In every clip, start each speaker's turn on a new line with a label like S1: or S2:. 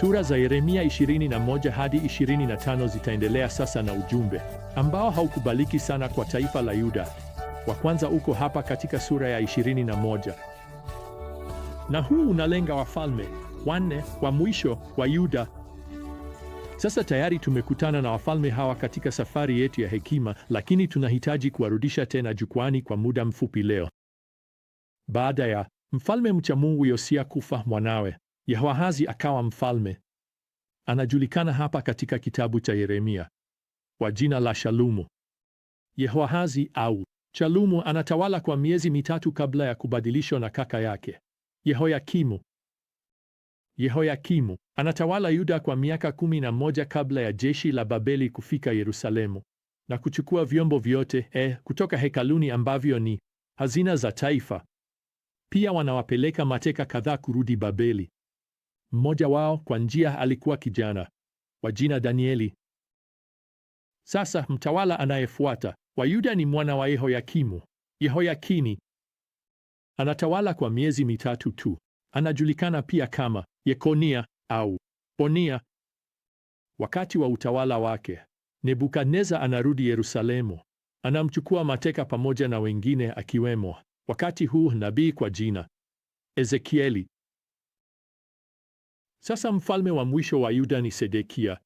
S1: Sura za Yeremia 21 hadi 25 zitaendelea sasa na ujumbe ambao haukubaliki sana kwa taifa la Yuda. Wa kwanza uko hapa katika sura ya 21, na huu unalenga wafalme wanne wa mwisho wa Yuda. Sasa tayari tumekutana na wafalme hawa katika safari yetu ya hekima, lakini tunahitaji kuwarudisha tena jukwani kwa muda mfupi leo. Baada ya mfalme mcha Mungu Yosia kufa, mwanawe Yehoahazi akawa mfalme. Anajulikana hapa katika kitabu cha Yeremia kwa jina la Shalumu. Yehoahazi au Shalumu anatawala kwa miezi mitatu kabla ya kubadilishwa na kaka yake Yehoyakimu. Yehoyakimu anatawala Yuda kwa miaka kumi na moja kabla ya jeshi la Babeli kufika Yerusalemu na kuchukua vyombo vyote eh, kutoka hekaluni ambavyo ni hazina za taifa. Pia wanawapeleka mateka kadhaa kurudi Babeli. Mmoja wao kwa njia alikuwa kijana kwa jina Danieli. Sasa mtawala anayefuata wa Yuda ni mwana wa Yehoyakimu, Yehoyakini. Anatawala kwa miezi mitatu tu. Anajulikana pia kama Yekonia au Ponia. Wakati wa utawala wake, Nebukadneza anarudi Yerusalemu. Anamchukua mateka pamoja na wengine akiwemo wakati huu nabii kwa jina Ezekieli sasa mfalme wa mwisho wa Yuda ni Sedekia.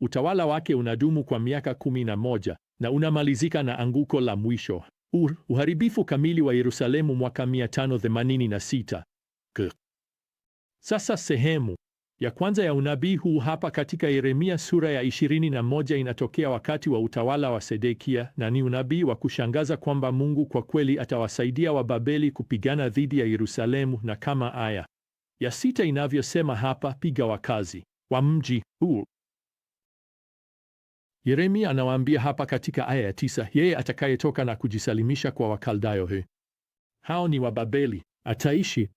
S1: Utawala wake unadumu kwa miaka kumi na moja na unamalizika na anguko la mwisho, uharibifu kamili wa Yerusalemu mwaka 586. Sasa sehemu ya kwanza ya unabii huu hapa katika Yeremia sura ya 21 inatokea wakati wa utawala wa Sedekia, na ni unabii wa kushangaza kwamba Mungu kwa kweli atawasaidia Wababeli kupigana dhidi ya Yerusalemu, na kama aya ya sita inavyosema hapa, piga wakazi wa mji huu. Yeremia anawaambia hapa katika aya ya tisa, yeye atakayetoka na kujisalimisha kwa Wakaldayo he, hao ni Wababeli, ataishi.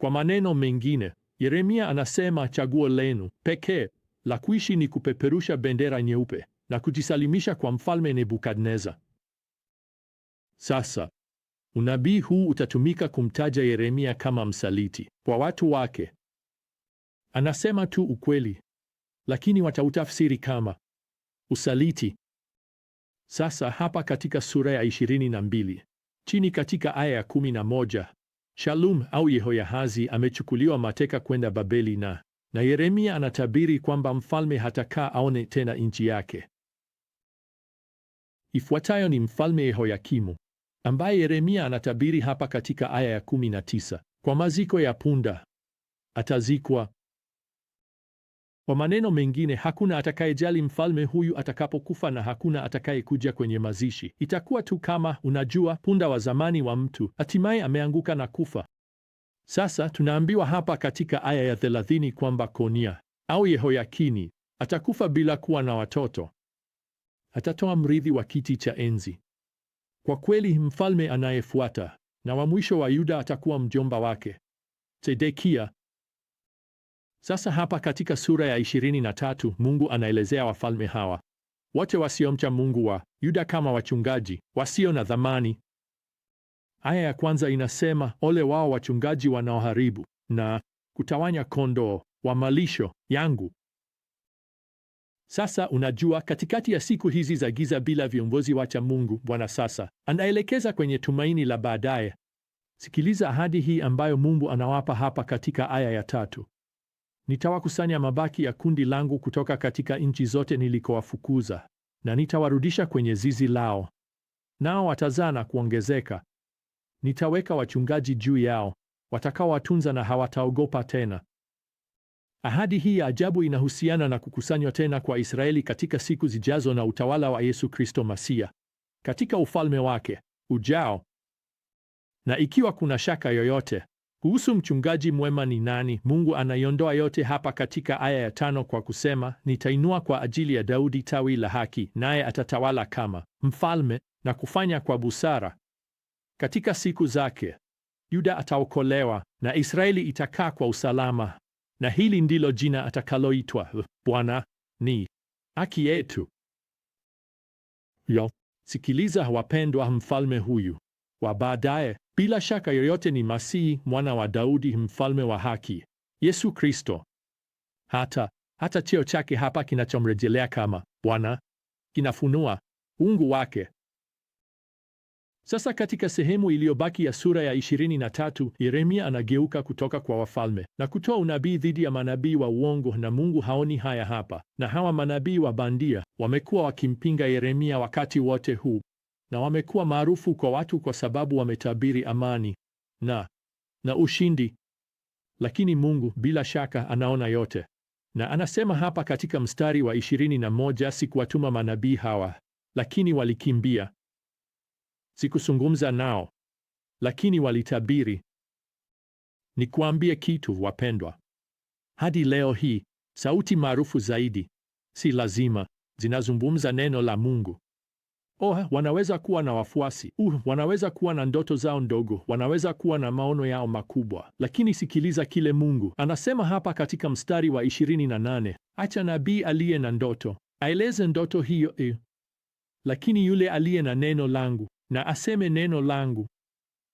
S1: Kwa maneno mengine, Yeremia anasema chaguo lenu pekee la kuishi ni kupeperusha bendera nyeupe na kujisalimisha kwa mfalme Nebukadneza. Sasa Unabii huu utatumika kumtaja Yeremia kama msaliti kwa watu wake. Anasema tu ukweli, lakini watautafsiri kama usaliti. Sasa hapa katika sura ya 22 chini katika aya ya 11, Shalum au Yehoyahazi amechukuliwa mateka kwenda Babeli na na Yeremia anatabiri kwamba mfalme hatakaa aone tena nchi yake. Ifuatayo ni mfalme Yehoyakimu ambaye Yeremia anatabiri hapa katika aya ya tisa kwa maziko ya punda atazikwa. Kwa maneno mengine, hakuna atakayejali mfalme huyu atakapokufa na hakuna atakayekuja kwenye mazishi. Itakuwa tu kama, unajua, punda wa zamani wa mtu hatimaye ameanguka na kufa. Sasa tunaambiwa hapa katika aya ya 30 kwamba Konia au Yehoyakini atakufa bila kuwa na watoto. Atatoa mrithi wa kiti cha enzi kwa kweli mfalme anayefuata na wa mwisho wa Yuda atakuwa mjomba wake Sedekia. Sasa hapa katika sura ya 23 Mungu anaelezea wafalme hawa wote wasiomcha Mungu wa Yuda kama wachungaji wasio na dhamani. Aya ya kwanza inasema, ole wao wachungaji wanaoharibu na kutawanya kondoo wa malisho yangu. Sasa unajua, katikati ya siku hizi za giza bila viongozi wacha Mungu, Bwana sasa anaelekeza kwenye tumaini la baadaye. Sikiliza ahadi hii ambayo Mungu anawapa hapa katika aya ya tatu: nitawakusanya mabaki ya kundi langu kutoka katika nchi zote nilikowafukuza na nitawarudisha kwenye zizi lao, nao watazaa na kuongezeka. Nitaweka wachungaji juu yao watakaowatunza na hawataogopa tena. Ahadi hii ya ajabu inahusiana na kukusanywa tena kwa Israeli katika siku zijazo na utawala wa Yesu Kristo Masia katika ufalme wake ujao. Na ikiwa kuna shaka yoyote kuhusu mchungaji mwema ni nani, Mungu anaiondoa yote hapa katika aya ya tano kwa kusema, nitainua kwa ajili ya Daudi tawi la haki, naye atatawala kama mfalme na kufanya kwa busara katika siku zake. Yuda ataokolewa na Israeli itakaa kwa usalama na hili ndilo jina atakaloitwa: Bwana ni haki yetu. Yo, sikiliza wapendwa, mfalme huyu wa baadaye bila shaka yoyote ni Masihi mwana wa Daudi, mfalme wa haki, Yesu Kristo. Hata hata cheo chake hapa kinachomrejelea kama Bwana kinafunua uungu wake sasa katika sehemu iliyobaki ya sura ya 23, Yeremia anageuka kutoka kwa wafalme na kutoa unabii dhidi ya manabii wa uongo, na Mungu haoni haya hapa. Na hawa manabii wa bandia wamekuwa wakimpinga Yeremia wakati wote huu, na wamekuwa maarufu kwa watu kwa sababu wametabiri amani na na ushindi. Lakini Mungu bila shaka anaona yote, na anasema hapa katika mstari wa 21, sikuwatuma manabii hawa, lakini walikimbia Sikuzungumza nao, lakini walitabiri. Nikuambie kitu wapendwa, hadi leo hii sauti maarufu zaidi, si lazima zinazungumza neno la Mungu. Oh, wanaweza kuwa na wafuasi uh, wanaweza kuwa na ndoto zao ndogo, wanaweza kuwa na maono yao makubwa, lakini sikiliza kile Mungu anasema hapa katika mstari wa 28. Acha nabii aliye na ndoto aeleze ndoto hiyo, eh, lakini yule aliye na neno langu na aseme neno langu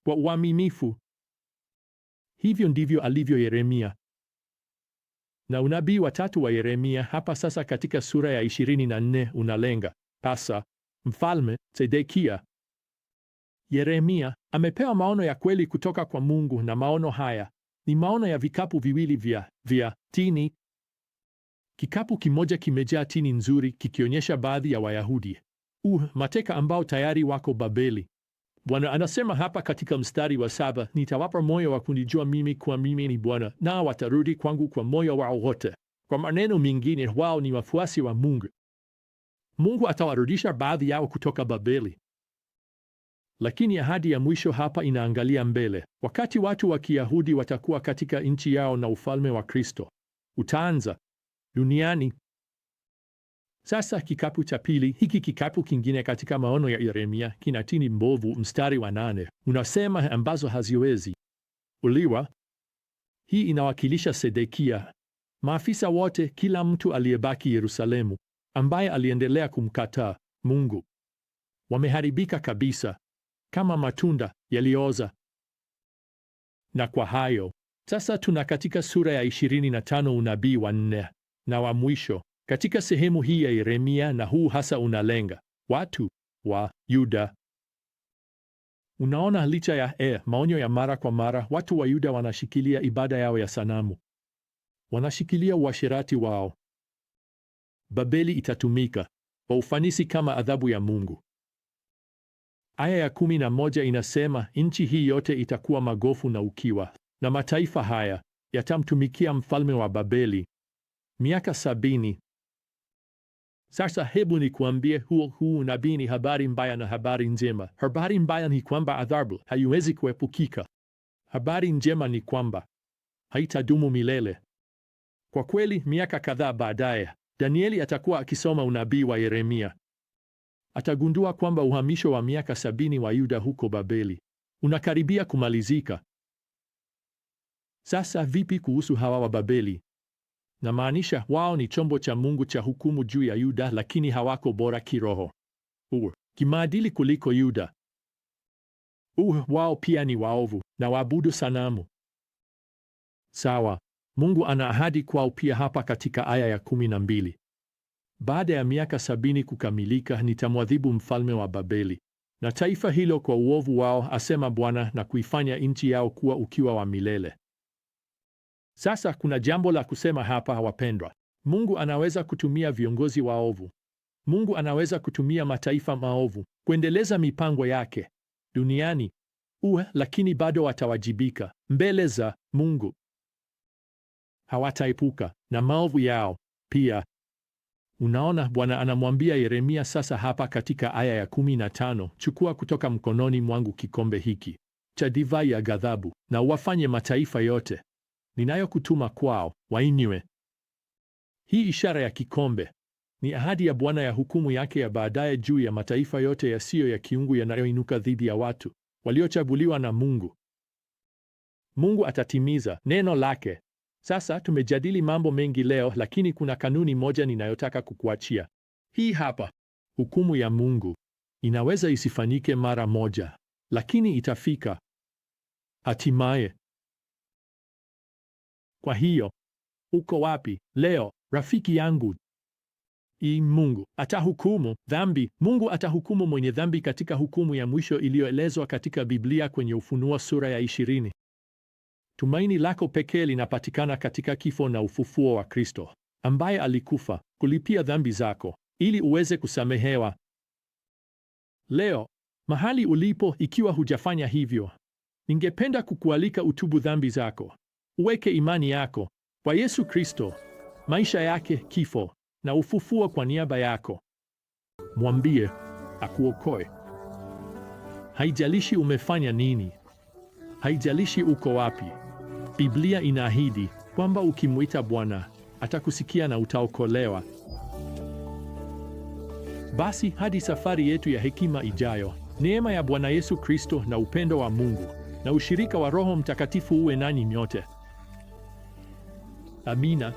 S1: kwa uaminifu. Hivyo ndivyo alivyo Yeremia. Na unabii wa tatu wa Yeremia hapa sasa katika sura ya 24 unalenga pasa mfalme Sedekia. Yeremia amepewa maono ya kweli kutoka kwa Mungu, na maono haya ni maono ya vikapu viwili vya vya tini. Kikapu kimoja kimejaa tini nzuri kikionyesha baadhi ya Wayahudi uh, mateka ambao tayari wako Babeli. Bwana anasema hapa katika mstari wa saba, nitawapa moyo wa kunijua mimi kwa mimi ni Bwana, na watarudi kwangu kwa moyo wao wote. Kwa maneno mengine, wao ni wafuasi wa Mungu. Mungu atawarudisha baadhi yao kutoka Babeli. Lakini ahadi ya mwisho hapa inaangalia mbele, wakati watu wa Kiyahudi watakuwa katika nchi yao na ufalme wa Kristo utaanza duniani. Sasa kikapu cha pili, hiki kikapu kingine katika maono ya Yeremia kinatini mbovu. Mstari wa nane unasema ambazo haziwezi uliwa. Hii inawakilisha Sedekia, maafisa wote, kila mtu aliyebaki Yerusalemu ambaye aliendelea kumkataa Mungu. Wameharibika kabisa kama matunda yaliyooza. Na kwa hayo sasa tuna katika sura ya 25 unabii wa nne na wa mwisho katika sehemu hii ya Yeremia, na huu hasa unalenga watu wa Yuda. Unaona, licha ya e, maonyo ya mara kwa mara, watu wa Yuda wanashikilia ibada yao ya sanamu, wanashikilia uasherati wao. Babeli itatumika kwa ufanisi kama adhabu ya Mungu. Aya ya kumi na moja inasema nchi hii yote itakuwa magofu na ukiwa, na mataifa haya yatamtumikia mfalme wa Babeli miaka sabini. Sasa hebu ni kuambie huo huu unabii ni habari mbaya na habari njema. Habari mbaya ni kwamba adhabu haiwezi kuepukika. Habari njema ni kwamba haitadumu milele. Kwa kweli, miaka kadhaa baadaye, Danieli atakuwa akisoma unabii wa Yeremia. Atagundua kwamba uhamisho wa miaka sabini wa Yuda huko Babeli unakaribia kumalizika. Sasa vipi kuhusu hawa wa Babeli? Namaanisha wao ni chombo cha Mungu cha hukumu juu ya Yuda, lakini hawako bora kiroho u kimaadili kuliko Yuda. u wao pia ni waovu na waabudu sanamu. Sawa, Mungu ana ahadi kwao pia hapa katika aya ya kumi na mbili baada ya miaka sabini kukamilika, nitamwadhibu mfalme wa Babeli na taifa hilo kwa uovu wao, asema Bwana, na kuifanya nchi yao kuwa ukiwa wa milele. Sasa kuna jambo la kusema hapa, wapendwa. Mungu anaweza kutumia viongozi waovu. Mungu anaweza kutumia mataifa maovu kuendeleza mipango yake duniani. Uwe, lakini bado watawajibika mbele za Mungu. Hawataepuka na maovu yao pia. Unaona, Bwana anamwambia Yeremia sasa hapa katika aya ya 15, chukua kutoka mkononi mwangu kikombe hiki cha divai ya ghadhabu na uwafanye mataifa yote ninayokutuma kwao wainywe. Hii ishara ya kikombe ni ahadi ya Bwana ya hukumu yake ya baadaye juu ya mataifa yote yasiyo ya kiungu yanayoinuka dhidi ya watu waliochaguliwa na Mungu. Mungu atatimiza neno lake. Sasa tumejadili mambo mengi leo, lakini kuna kanuni moja ninayotaka kukuachia. Hii hapa: hukumu ya Mungu inaweza isifanyike mara moja, lakini itafika hatimaye. Kwa hiyo uko wapi leo rafiki yangu? I ee Mungu atahukumu dhambi. Mungu atahukumu mwenye dhambi katika hukumu ya mwisho iliyoelezwa katika Biblia kwenye Ufunuo sura ya ishirini. Tumaini lako pekee linapatikana katika kifo na ufufuo wa Kristo ambaye alikufa kulipia dhambi zako ili uweze kusamehewa. Leo mahali ulipo, ikiwa hujafanya hivyo, ningependa kukualika utubu dhambi zako uweke imani yako kwa Yesu Kristo, maisha yake, kifo na ufufuo kwa niaba yako. Mwambie akuokoe. Haijalishi umefanya nini, haijalishi uko wapi. Biblia inaahidi kwamba ukimwita Bwana atakusikia na utaokolewa. Basi hadi safari yetu ya hekima ijayo, neema ya Bwana Yesu Kristo na upendo wa Mungu na ushirika wa Roho Mtakatifu uwe nanyi nyote cabina